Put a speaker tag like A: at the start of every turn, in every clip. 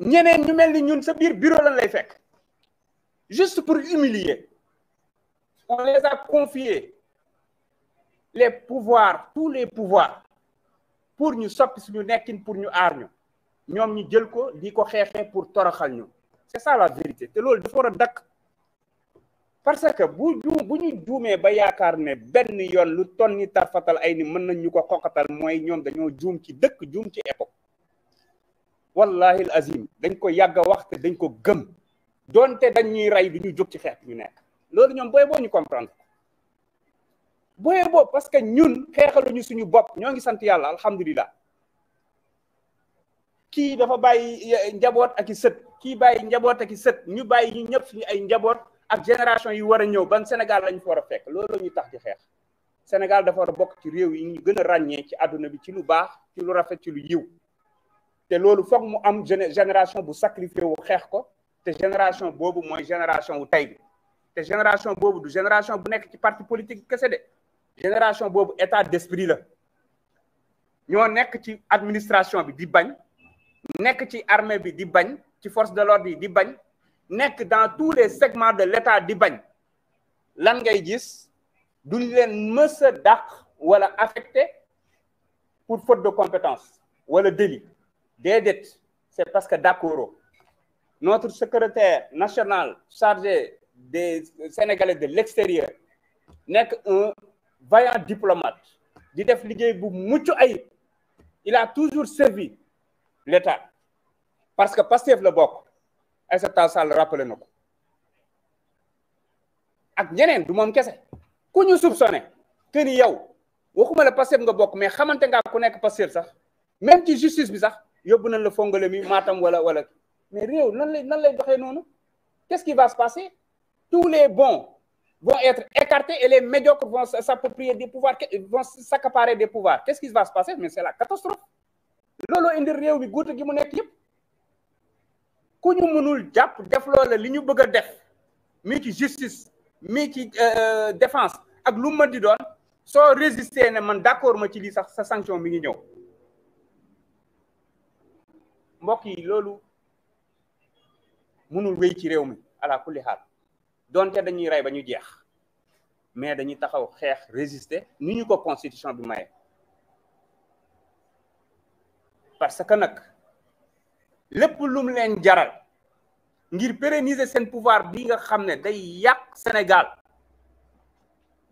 A: ñeneen ñu mel ni ñun sa biir bureau lan lay fekk juste pour humilier on les a confiés les pouvoir tous les pouvoirs pour ñu soppi suñu nekkin pour ñu aar ñu ñoom ñu jël ko di ko xeexee pour toroxal ñu c'est ça la vérité te loolu dafa war a dakk parce que bu ju bu ñu juumee ba yaakaar ne benn yoon lu ton ni tarfatal ay ni mën nañ ñu ko xoqatal mooy ñoom dañoo juum ci dëkk juum ci époque wallahi al azim dañ ko yàgg a wax dañ ko gëm doonte dañ ñuy rey bi ñu jóg ci xeex ñu nekk loolu ñoom booy boo ñu comprendre booyee boobu parce que ñun xeexaluñu suñu bopp ñoo ngi sant yàlla alhamdulilah kii dafa bàyyi eh, njaboot ak i sët kii bàyyi njaboot ak i sët ñu bàyyi ñu ñëpp suñu ay njaboot ak génération yi war a ñëw ban Sénégal lañ fa war a fekk loolu ñu tax ci xeex Sénégal dafa war a bokk ci réew yi ñu gën a ràññee ci àdduna bi ci lu baax ci lu rafet ci lu yiw te loolu foog mu am génération bu sacrifié wu xeex ko te génération boobu mooy génération wu tey bi te génération boobu du génération bu nekk ci parti politique kese de génération boobu état d'esprit la ñoo nekk ci administration bi di bañ nekk ci armée bi di bañ ci force de l'ordre yi di bañ nekk dans tous les segments de l'état di bañ lan ngay gis duñ leen mës a dàq wala affecté pour faute de compétence wala délit déedéet c'est parce que d'accord notre secrétaire national chargé de Sénégalais de l'extérieur nekk un vaillant diplomate di def liggéey bu mucc ayib il a toujours servi l'État parce que Pastef la bokk Aïssata Tall rappelé na ko ak ñeneen du moom kese ku ñu soupçonné que ni yow waxuma la Pastef nga bokk mais xamante nga ku nekk Pastef sax même ci justice bi sax yóbbu nañ la fongale mi maatam wala wala mais réew nan lay nan lay doxee noonu qu'est-ce qui va se passer tous les bons vont être écartés et les médiocres vont s'approprier des pouvoirs sa s'accaparer des pouvoirs qu'est-ce qui va se passer mais c'est la catastrophe looloo indi réew mi guuta gi mu nekk yëpp ku ñu mënul jàpp def loola li ñu bëgg a def mii ci justice mii ci euh, euh, défense ak lu ma di doon soo résister ne man d'accord ma ci lii sax sa sanction mi ngi ñëw mbokk yi loolu mënul wéy ci réew mi ala kulli donte dañuy rey ba ñu jeex mais dañuy taxaw xeex résister ni ñu ko constitution bi maye parce que nag lépp lum leen jaral ngir pérenniser seen pouvoir bi nga xam ne day yàq Sénégal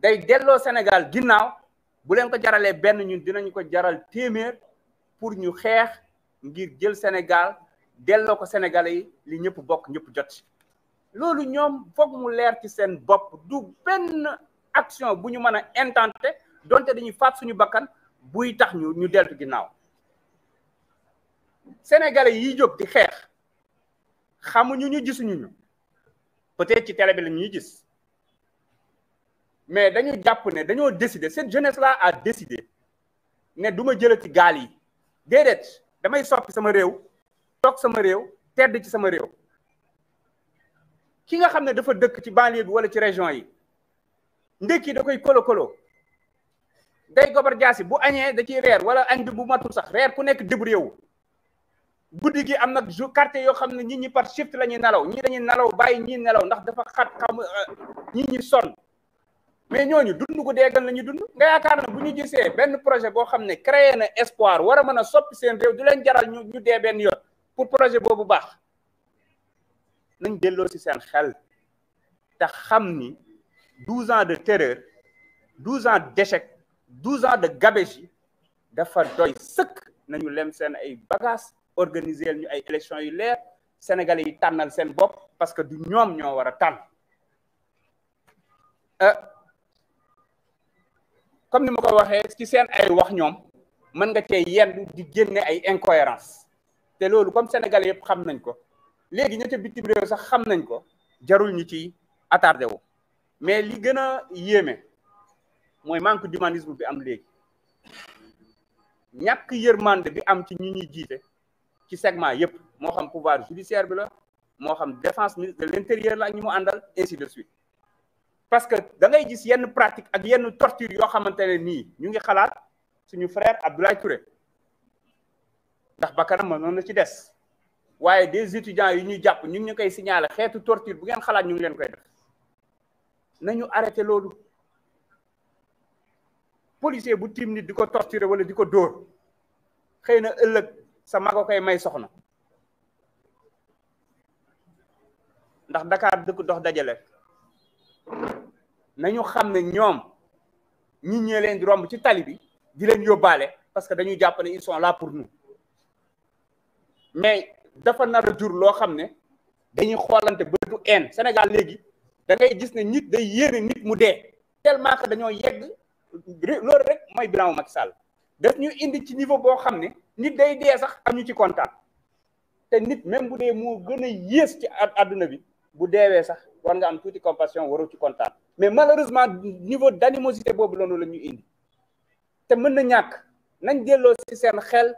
A: day delloo Sénégal ginnaaw bu leen ko jaralee benn ñun dinañ ko jaral téeméer pour ñu xeex ngir jël Sénégal delloo ko Sénégalais yi li ñëpp bokk ñëpp jot loolu ñoom foog mu leer ci seen bopp du benn action bu ñu mën a intenté donte dañuy faat suñu bakkan buy tax ñu ñu deltu ginnaaw Sénégalais yiy jóg di xeex xamuñu ñu gisuñu ñu peut-être ci télé bi la ñuy gis mais dañu jàpp ne dañoo décider cette jeunesse là a décidé ne duma ma jëlati gaal yi déedéet. damay soppi sama réew toog sama réew tedd ci sama réew ki nga xam ne dafa dëkk ci banlieue bi wala ci région yi ndékki da koy kolo kolo day gobar jaasi bu añee da ciy reer wala añ bi bu matul sax reer ku nekk débrouillé wu guddi gi am nag jour quartier yoo xam ne nit ñi par shift la ñuy nelaw ñii dañuy nelaw bàyyi ñii nelaw ndax dafa xat xam euh, nit ñi sonn mais ñooñu dund ko deegal la ñu dund nga yaakaar na bu ñu gisee benn projet boo xam ne créé na espoir war a mën a sopp seen réew du leen jaral ñu dee benn yoon pour projet boobu baax nañ delloo ci seen xel te xam ni douze ans de terreur douze ans d'échec douze ans de gabegie dafa doy sëkk nañu lem seen ay bagages organiser ñu ay élections yu leer Sénégalais yi tànnal seen bopp parce que du ñoom ñoo war a tànn euh, comme ni ma ko waxee ci seen ay wax ñoom mën nga cee yendu di génne ay incohérence te loolu comme sénégal yëpp xam nañ ko léegi ña ca bitim réew sax xam nañ ko jarul ñu ci attardé wu mais li gën a yéeme mooy manque d'humanisme bi am léegi ñàkk yërmande bi am ci ñu ñuy jiite ci segment yëpp moo xam pouvoir judiciaire bi la moo xam défense ministre de l'intérieur la ak ñi mu àndal ainsi de suite parce que da ngay gis yenn pratique ak yenn torture yoo xamante ne nii ñu ngi xalaat suñu frère Abdoulaye Touré ndax bakkanam mënoon na ci des waaye des étudiants yu ñuy jàpp ñu ngi ñu koy signaler xeetu torture bu ngeen xalaat ñu ngi leen koy def nañu arrêté loolu policier bu tiim nit di ko torturer wala di ko dóor xëy na ëllëg sa mago koy may soxna ndax Dakar dëkk dox dajale nañu xam ne ñoom ñi ñee leen di romb ci tali bi di leen yóbbaale parce que dañuy jàpp ne ils pour nous mais dafa nar jur loo xam ne dañuy xoolante ba du en Sénégal léegi da ngay gis ne nit day yéene nit mu dee tellement que dañoo yegg loolu rek mooy bilan Macky Sall daf ñu indi ci niveau boo xam ne nit day dee sax am ñu ci kontaan te nit même bu dee moo gën a yées ci àdduna bi bu deewee sax war nga am tuuti compassion waru ci kontaan mais malheureusement niveau d' animosité boobu loolu la ñu indi te mën na ñàkk nañ delloo ci seen xel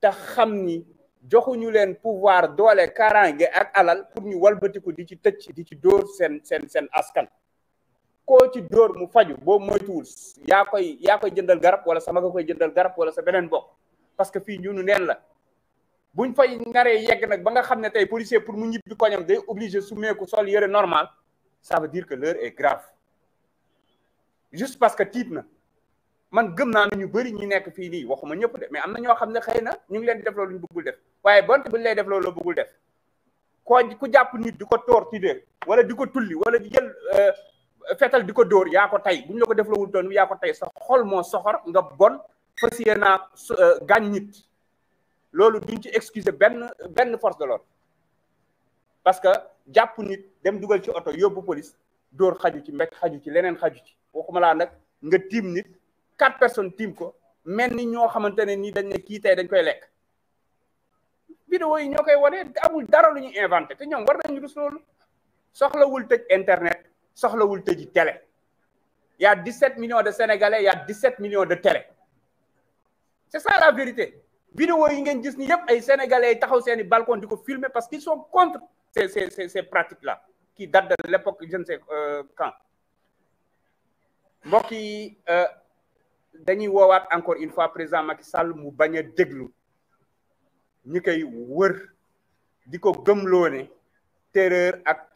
A: te xam ni joxuñu leen pouvoir doole kaaraange ak alal pour ñu walbatiku di ci tëcc di ci dóor seen seen seen askan koo ci dóor mu faju boo moytuwul yaa koy yaa koy jëndal garab wala sama nga koy jëndal garab wala sa beneen bokk parce que fii ñunu neen la buñ fay naree yegg nag ba nga xam ne tey policier pour mu ñibbi koñam day obligé su meeku sol yëre normal ça veut dire que l'heure est juste parce que tiit na man gëm naa na ñu bëri ñu nekk fii nii waxuma ñëpp de mais am na ñoo xam ne xëy na ñu ngi leen di def loolu ñu bëggul def waaye bonte buñ lay def loolu bëggul def koo ku jàpp nit di ko torturer wala di ko tulli wala di jël euh, fetal di ko dóor yaa ko tey buñ la ko def lawul doon yaa ko tey sa xol moo soxor nga bon fas yéenaa euh, gaañ nit loolu duñ ci excuser benn benn force de l'ordre parce que jàpp nit dem dugal ci oto yóbbu police dóor xaju ci mbéj xaju ci leneen xaju ci waxuma laa nag nga tiim nit quatre personnes tiim ko mel ni ñoo xamante ne ni dañ ne kii dañ koy lekk vidéo yi ñoo koy wane te amul dara lu ñuy inventé te ñoom war nañu rus loolu soxlawul tëj internet soxlawul tëji télé y a 17 millions de sénégalais y a 17 millions de télé c'est ça la vérité vidéo yi ngeen gis ni yëpp ay sénégalais yi taxaw seeni balcon di ko filmer parce qu'ils sont contre ces ces ces pratiques là qui datent de l'époque je ne euh, mbokk yi euh, dañuy woowaat encore une fois présent Macky Sall mu bañ a déglu ñi koy wër di ko gëmloo ne terreur ak